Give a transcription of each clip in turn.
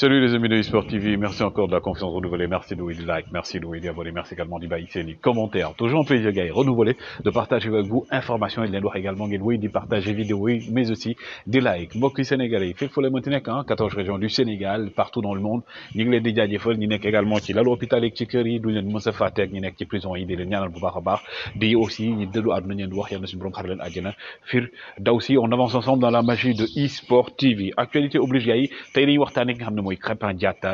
Salut les amis de eSport TV, merci encore de la confiance renouvelée, merci de vous like, merci de vous abonner, merci également d'y baisser les commentaires. Toujours un plaisir, gars, renouvelé, de partager avec vous informations et de également, des partager vidéo, mais aussi des likes. Mbokk Sénégalais, fait fu la mënti hein, 14 régions du Sénégal, partout dans le monde, ñu les déjà di jaajëfal, ñi également ci l'hôpital et yi ci kër yi, duñ leen mës a ak ñi ci prison yi, di leen ñaanal bu baax a di aussi ñi dëddu àdduna ñeen di wax yàlla suñu borom xar leen àjjana fiir daw si, on avance ensemble dans la magie de eSport TV. Actualité oblige, gars mooy crépin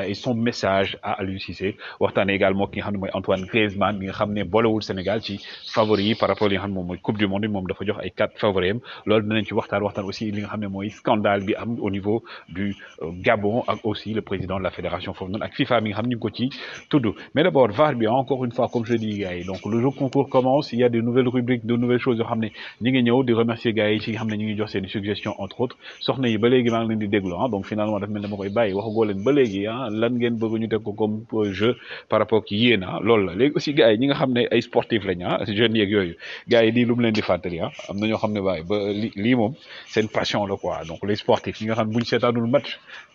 et son message à Aliou Cissé waxtaanee également ki nga xam Antoine Griezmann mi nga xam Sénégal ci favori par rapport li nga xam coupe du monde mom dafa jox ay quatre favoris am dinañ ci waxtan waxtan aussi li nga xam moy scandale bi au niveau du euh, Gabon ak aussi le président de la fédération foofu noonu ak FIFA mi nga xam ñu ko ci tuddu mais d'abord VAR bi encore une fois comme je dis gars donc le jeu concours commence il y a de nouvelles rubriques de nouvelles choses yo xam ñi nga ñëw di remercier gars yi ci nga xam ne jox seen suggestion entre autres soxna yi ba légui ma ngi leen di déglu ah, donc finalement dafa mel dama koy bàyyi déggoo leen ba léegi ah lan ngeen bëgg ñu teg ko comme euh, jeu par rapport ak yéen ah loolu la léegi aussi gars yi ñi nga xam ne ay sportifs lañ ah jeunes yeeg yooyu gars yi lii lu mu leen di fàttali ah am na ñoo xam ne waaye ba li lii moom seen passion la quoi donc les sportifs ñi nga xam ne bu ñu seetaanul match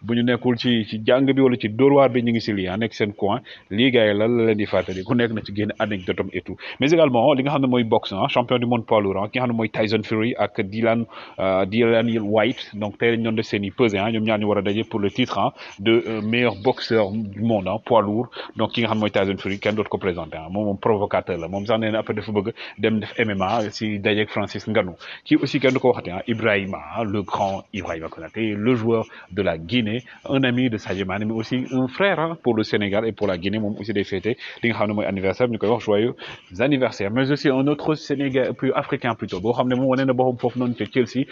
bu ñu nekkul ci ci jàng bi wala ci dóorwaar bi ñu ngi si lii ah nekk seen coin lii gars yi lan la leen di fàttali ku nekk na ci génn anecdote am et tout mais également li nga xam ne mooy boxe ah champion du monde poids lourd ah, ki nga xam ne mooy Tyson Fury ak Dylan euh, Dylan White donc tey lañ doon def seen i pesée ah ñoom ñaar ñu war a daje pour le titre ah de euh, meilleur boxeur du monde hein, poids lourd donc ki est xam mooy Tyson Fury kenn d'autre ko présenter hein. ah provocateur là. moom sax nee na après de bëgg dem MMA si Dayek Francis Ngannou qui aussi quelqu'un d'autre ko Ibrahim hein, Ibrahima le grand Ibrahima Konaté le joueur de la Guinée un ami de sa mais aussi un frère pour le Sénégal et pour la Guinée moom aussi des fêté li nga xam ne anniversaire ñu joyeux anniversaire mais aussi un autre Sénégalais, plus africain plutôt boo xam ne moom wane na boppam foofu non te Chelsea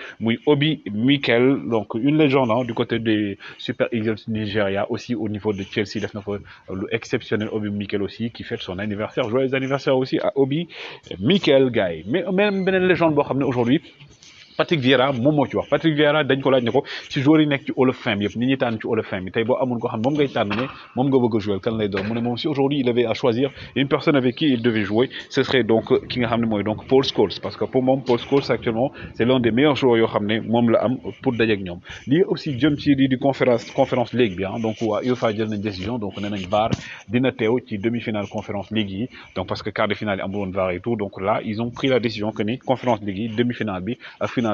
Obi Mikel donc une légende du côté des Super Eagles Nigeria aussi au niveau de Chelsea l'exceptionnel exceptionnel Obi Mikel aussi qui fête son anniversaire joyeux anniversaire aussi à Obi Mikel guy mais même une légende aujourd'hui Patrick Vieira momo ci wax Patrick Vieira dañ ko laaj ne ko ci joueur yi nek ci pas of Fame yëpp ni ñuy ci Hall of Fame bi tey boo amoon ko xam mom ngay tan ne mom nga bëgg jouer kan lay deux, mu ne si aujourd'hui il avait à choisir une personne avec qui il devait jouer ce serait donc euh, ki nga xamne moy donc Paul Scholes parce que pour mom Paul Scholes actuellement c'est l'un des meilleurs joueurs yo xamne mom la am pour a aussi jëm ci du conférence conférence league bi hein donc il UEFA jël une décision donc nenañ VAR dina teew ci demi-finale conférence league yi donc parce que quart de finale yi amul woon VAR et tout donc là ils ont pris la décision que ni conférence league demi-finale bi finale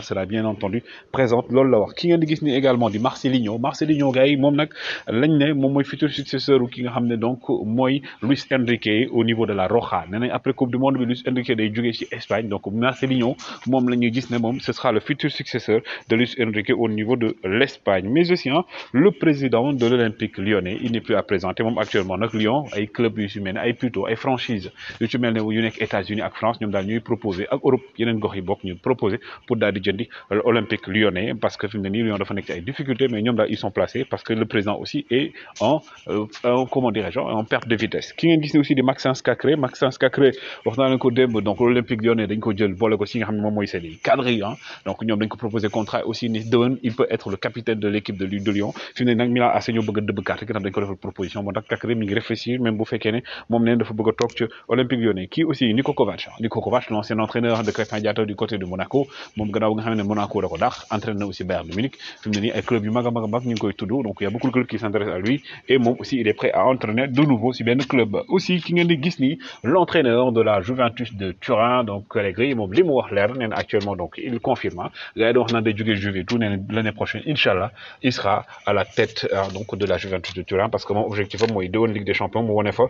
sera bien entendu présente Lol la wax ki nga également di Marcelinho Marcelinho gaï mom nak lañ futur successeur ki nga xamné donc moy Luis Enrique au niveau de la Roja Né né après coupe du monde bi Luis Enrique day jógee ci Espagne donc Marcelinho mom lañu gis ce sera le futur successeur de Luis Enrique au niveau de l'Espagne mais aussi hein, le président de l'Olympique lyonnais il n'est plus à présenter mom actuellement nak Lyon ay club yu ci ay plutôt ay franchise yu ci mel né yu États-Unis ak France ñom daal ñuy proposer ak Europe yenen gox yi bok ñu proposer pour dadi di jëndi Olympique Lyonnais parce que fi Lyon dafa nek ci ay difficultés mais ñom ils sont placés parce que le président aussi est en euh, en comment dire hein, en perte de vitesse ki ngeen gis aussi di Maxence Cacré Maxence Cacré wax naa ko démb donc l'Olympique Lyonnais dañ ko jël boole ko si nga xamné mom moy mooy cadre hein donc ñom dañ ko proposer contrat aussi ni déwén il peut être le capitaine de l'équipe de de Lyon fi nak Milan AC ñoo bëgg a carte gi dañ ko defal proposition moo tax Cacré mi ngi réfléchir même bu féké né mom neen dafa bëgg tok ci Olympique Lyonnais ki aussi Niko Kovac Niko Kovac l'ancien entraîneur de Crépin Diatta du côté de Monaco mom gannaaw nga xam ne Monaco la ko dàq entraîne na aussi Bayern de Munich fi mu ne nii ay club yu mag a mag a mag ñu ngi koy tudd donc y a beaucoup de clubs qui s'intéressent à lui et moom aussi il est prêt à entraîner de nouveau si benn club aussi ki ngeen di gis nii l'entraîneur de la Juventus de Turin donc Allegri moom li mu wax leer nee na actuellement donc il confirme hein. gars yi doon wax naan day jógee Juve tout nee na l'année prochaine inchallah il sera à la tête hein, donc de la Juventus de Turin parce que moom objectif am mooy déwoon Ligue des Champions mu wone fa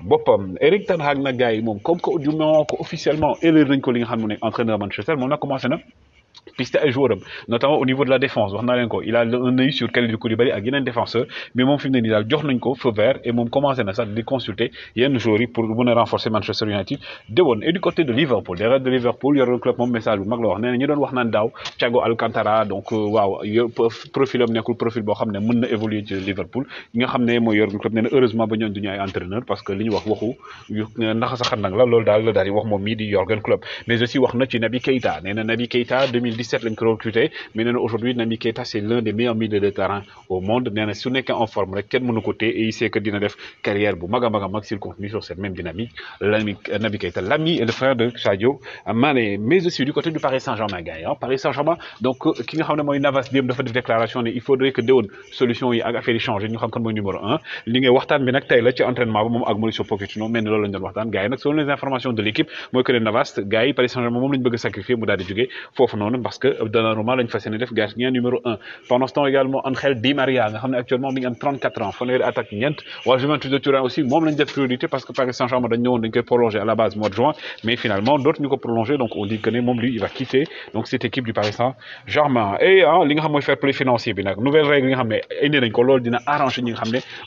boppam Eric Ten Hag na gars yi moom comme que du moment officiellement élire nañ ko li nga xam ne entraîneur Manchester moom na commencé madam? piste ay joueuram notamment au niveau de la défense wax naa leen ko il a un œil sur Kalidou Koulibaly ak yeneen défenseur mais mom fimné ni dal nii jox nañ ko feu vert et mom commencé na sax di consulter yenn joueurs yi pour mën renforcer Manchester United de woon et du côté de Liverpool des de Liverpool yor club moom message bu mag la wax né na ñu doon wax nan daw Thiago Alcantara donc euh, waaw profil am nekkul profil bo xamné mën na évoluer ci Liverpool nga xamné ne yor club nee heureusement ba ñoon du ñu ay entraîneur parce que li wax waxu euh, ndax saxan nag la lol dal la daal wax mom mi di Jürgen Klopp mais aussi wax na ci Naby Keita nee na Naby Keita 2017 lañ ko recruté mais aujourd'hui Naby Keita c'est l'un des meilleurs milieux de terrain au monde nee na su nekkee en forme rek kenn mënu ko té et il sait que dina def carrière bu maga maga mag a s'il continue sur cette même dynamique l'ami Naby Keita l'ami et le frère de Sadio Mané mais aussi du côté du Paris Saint-Germain gars hein. Paris Saint-Germain donc euh, ki nga xam moy Navas dem dafa def déclaration ne il faudrait que déwoon solution yi ak affaire yi changé ñu xam kan moy numéro un li ngay waxtaan bi nak tay la ci entraînement bu mom ak Mauricio Pochettino mel ni loolu lañ doon waxtaan gars yi selon les informations de l'équipe moy que ne Navas gars yi Paris Saint-Germain mom lañ bëgg sacrifier mu daal di joggé fofu noonu parce que Donnarumma Roma lañ fas def gardien numéro 1. pendant ce temps également Angel Di Maria nga xam actuellement mi ngi am 34 ans fanweeri attaque ñent wa Juventus de Turin aussi mom lañ def priorité parce que Paris Saint-Germain dañ ñëwoon dañ koy prolonger à la base mois de juin mais finalement d'autres ñu ko prolonger donc on dit que né mom lui il va quitter donc cette équipe du Paris Saint-Germain et hein li nga xam moy faire play financier bi nak nouvelle règle nga xam indi nañ ko lool dina arranger ñi nga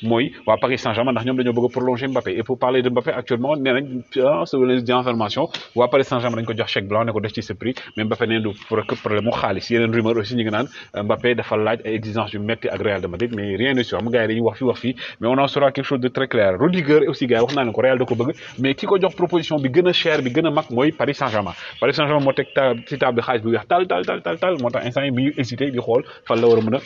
moy wa Paris Saint-Germain ndax ñom dañu bëgg prolonger Mbappé et pour parler de Mbappé actuellement nous nañ ah, selon les informations wa Paris Saint-Germain dañ ko jox chèque blanc né ko def ci ce prix même Mbappé nee que problème mu yeneen rumeur aussi ñu ngi naan Mbappé dafa laaj ay exigence yu metti ak Real de Madrid mais rien ne sûr am gars yi dañuy wax fi wax fi. mais on en sera quelque chose de très clair Rudiger aussi gars wax naa ko Real da ko bëgg mais kiko jox proposition bi gëna cher bi gëna a mag Paris Saint-Germain Paris Saint-Germain mo tek ta ci table xaalis bi weex tal tal tal tal tal moo tax instant yi bi ñu hésiter di xool fa la wara mëna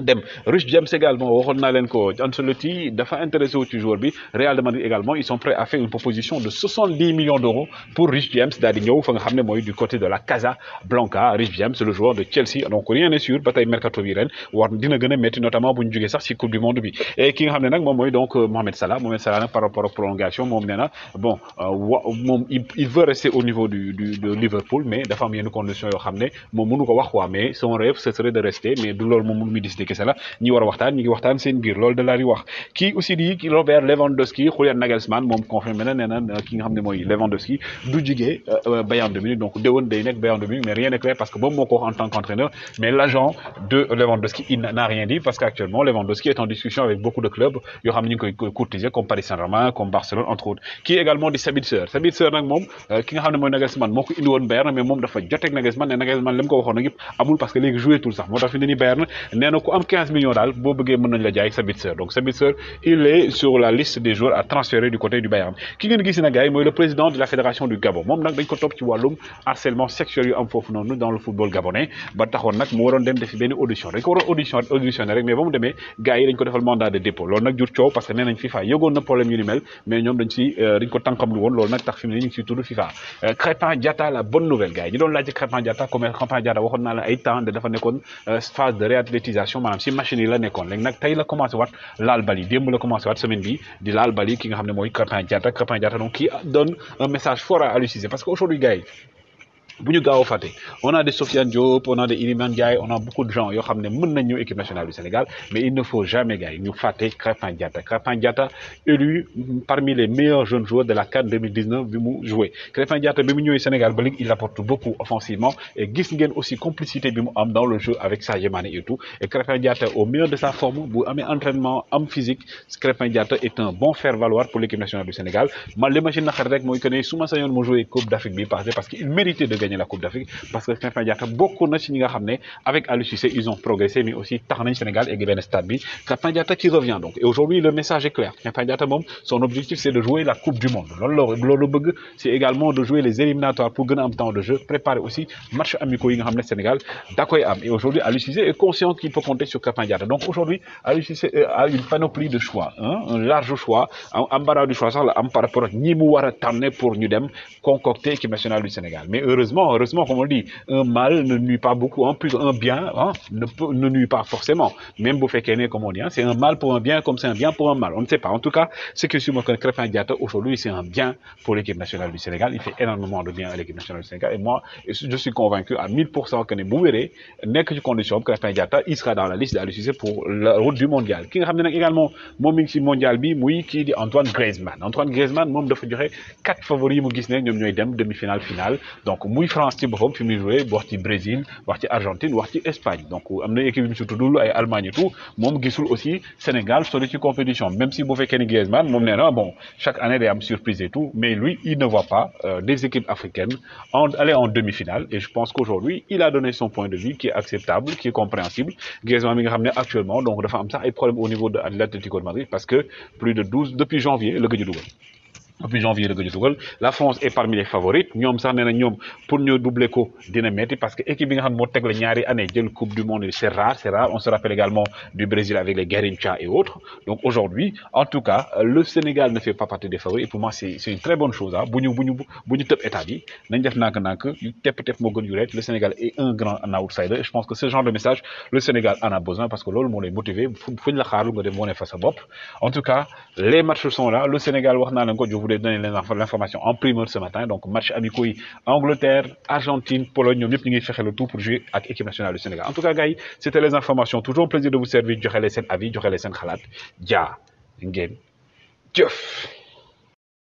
dem Rich James également waxon na len ko Ancelotti dafa intéressé Aux joueurs joueur bi Real Madrid également ils sont prêts à faire une proposition de 70 millions d'euros pour Rich James dal di ñew fa nga xamné moy du côté de la Casa Blanca Rich James le joueur de Chelsea donc rien n'est sûr Bataille mercato bi ren war dina gëna metti notamment bu ñu sax ci coupe du monde bi et ki nga xamné nak mom donc euh, Mohamed Salah Mohamed Salah par rapport aux prolongations bon euh, il veut rester au niveau du du de Liverpool mais dafa am yenn condition yo xamné ne mënu ko wax mais son rêve ce serait de rester mais du Mohamed mom mënu actualité kese ñi war waxtaan ñi ngi waxtaan seen biir loolu da la wax kii aussi di Robert Lewandowski Julian Nagelsmann moom confirmé na nee na euh, ki nga xam ne mooy Lewandowski du jugee euh, euh, Bayern de Munich donc déwén day nekk Bayern de Munich mais rien n'est clair parce que moom moo ko en tant qu'entraîneur mais l'agent de Lewandowski il n'a rien dit parce qu'actuellement Lewandowski est en discussion avec beaucoup de clubs yoo xam ne ñu ngi koy courtiser comme Paris Saint-Germain comme Barcelone entre autres qui également di Sabitzer Sabitzer nag moom ki nga xam ne mooy Nagelsmann moo ko indi woon Bayern mais moom dafa joteeg Nagelsmann ne Nagelsmann lim ko waxoon nag yëpp amul parce que léegi joué tul sax moo tax fi ne ni Bayern nee na am 15 millions dal bo beugé mën nañ la jaay Sabitzer donc Sabitzer il est sur la liste des joueurs à transférer du côté du Bayern ki ngeen gis na gars le président de la fédération du Gabon mom nak dañ ko top ci walum harcèlement sexuel yu am fofu noonu dans le football gabonais ba taxone nak mu waroon dem def benn audition rek ko audition rek mais bamou démé gaay yi dañ ko defal mandat de dépôt lool nak jur coow parce que nee FIFA yëgoon na problème yu ni mel mais ñom dañ ci euh, dañ ko tànqamlu won lool nak tax fi ñu ci tuddu FIFA euh, Crépin Diata la bonne nouvelle gars yi ñu doon laaj Crépin Diata comme Crépin Diata waxoon na la ay temps de dafa nekkoon euh, phase de réathlétisation manam si machine yi la nekkoon léegi nag tey la commencé wat laal la commencé semaine bi di laal ki nga ne qui donne un message fort à Lucie. parce que aujourd'hui gars buñu gaaw on a des Sofiane Diop on a des Iliman Ndiaye on a beaucoup de gens yo xamné ne mën nañ ñëw équipe nationale du Sénégal mais il ne faut jamais gars Nous ñu faté Krépin Diatta Krépin Diatta élu mm, parmi les meilleurs jeunes joueurs de la CAN 2019 bi mu joué Krépin Diatta bi mu Sénégal ba il apporte beaucoup offensivement et gis ngeen aussi complicité bi am dans le jeu avec Sadio Mané et tout et Krépin Diatta au meilleur de sa forme bu amé entraînement am physique Krépin Diatta est un bon faire valoir pour l'équipe nationale du Sénégal man li ma si naqar rek moy que né suma ma mu Coupe d'Afrique bi passé parce que il méritait de la Coupe d'Afrique parce que Krépin Diatta beaucoup na ci nga avec Alucissé, ils ont progressé mais aussi tarné Sénégal et benn stade bi qui revient donc et aujourd'hui le message est clair Krépin son objectif c'est de jouer la Coupe du Monde loolu c'est également de jouer les éliminatoires pour gagner un temps de jeu préparer aussi match amicaux yi Sénégal d'Akoy am et aujourd'hui Alucissé est conscient qu'il peut compter sur Krépin donc aujourd'hui Alucissé euh, a une panoplie de choix hein, un large choix embarras du choix par rapport à ñi Tarné pour Nudem, concocté qui équipe nationale du Sénégal mais heureusement heureusement, comme on dit, un mal ne nuit pas beaucoup. En plus, un bien hein, ne, ne, nuit pas forcément. Même vous faites comme on dit, hein, c'est un mal pour un bien, comme c'est un bien pour un mal. On ne sait pas. En tout cas, ce que Simon Crépin Diata aujourd'hui, c'est un bien pour l'équipe nationale du Sénégal. Il fait énormément de bien à l'équipe nationale du Sénégal. Et moi, je suis convaincu à 1000% que bouveré n'est que condition que Crépin Diata, il sera dans la liste d'Alucissé pour la route du mondial. Qui ramène également mon mondial, oui, qui dit Antoine Griezmann. Antoine Griezmann, moi, de durer quatre favoris, demi-finale, finale. Donc, moi, France ci boppam fi muy joué wax Brésil wax ci Argentine wax ci Espagne donc am na équipe de mu si ay Allemagne tout mom gisul aussi Sénégal sorti ci compétition même si bu fekké ni Griezmann mom néna bon chaque année day am surprise et tout mais lui il ne voit pas euh, des équipes africaines aller en demi-finale et je pense qu'aujourd'hui il a donné son point de vue qui est acceptable qui est compréhensible Griezmann mi nga xamné actuellement donc dafa am sax ay problèmes au niveau de l'Atlético de Madrid parce que plus de 12, depuis janvier le gëj du depuis janvier la la France est parmi les favorites nous sommes nee pour nous doubler ko dina parce que équipe bi la coupe du monde c'est rare c'est rare on se rappelle également du Brésil avec les Garrincha et autres donc aujourd'hui en tout cas le Sénégal ne fait pas partie des favoris et pour moi c'est une très bonne chose hein bu ñu bu ñu état nañ le Sénégal est un grand outsider je pense que ce genre de message le Sénégal en a besoin parce que là le monde motivé motivé la en tout cas les matchs sont là le Sénégal wax naa voulez donner l'information en primeur ce matin. Donc, match amicaux Angleterre, Argentine, Pologne, nous avons fait le tout pour jouer avec l'équipe nationale du Sénégal. En tout cas, guy, c'était les informations. Toujours un plaisir de vous servir. Durez les scènes avis, durez les scènes khalat. Dia game,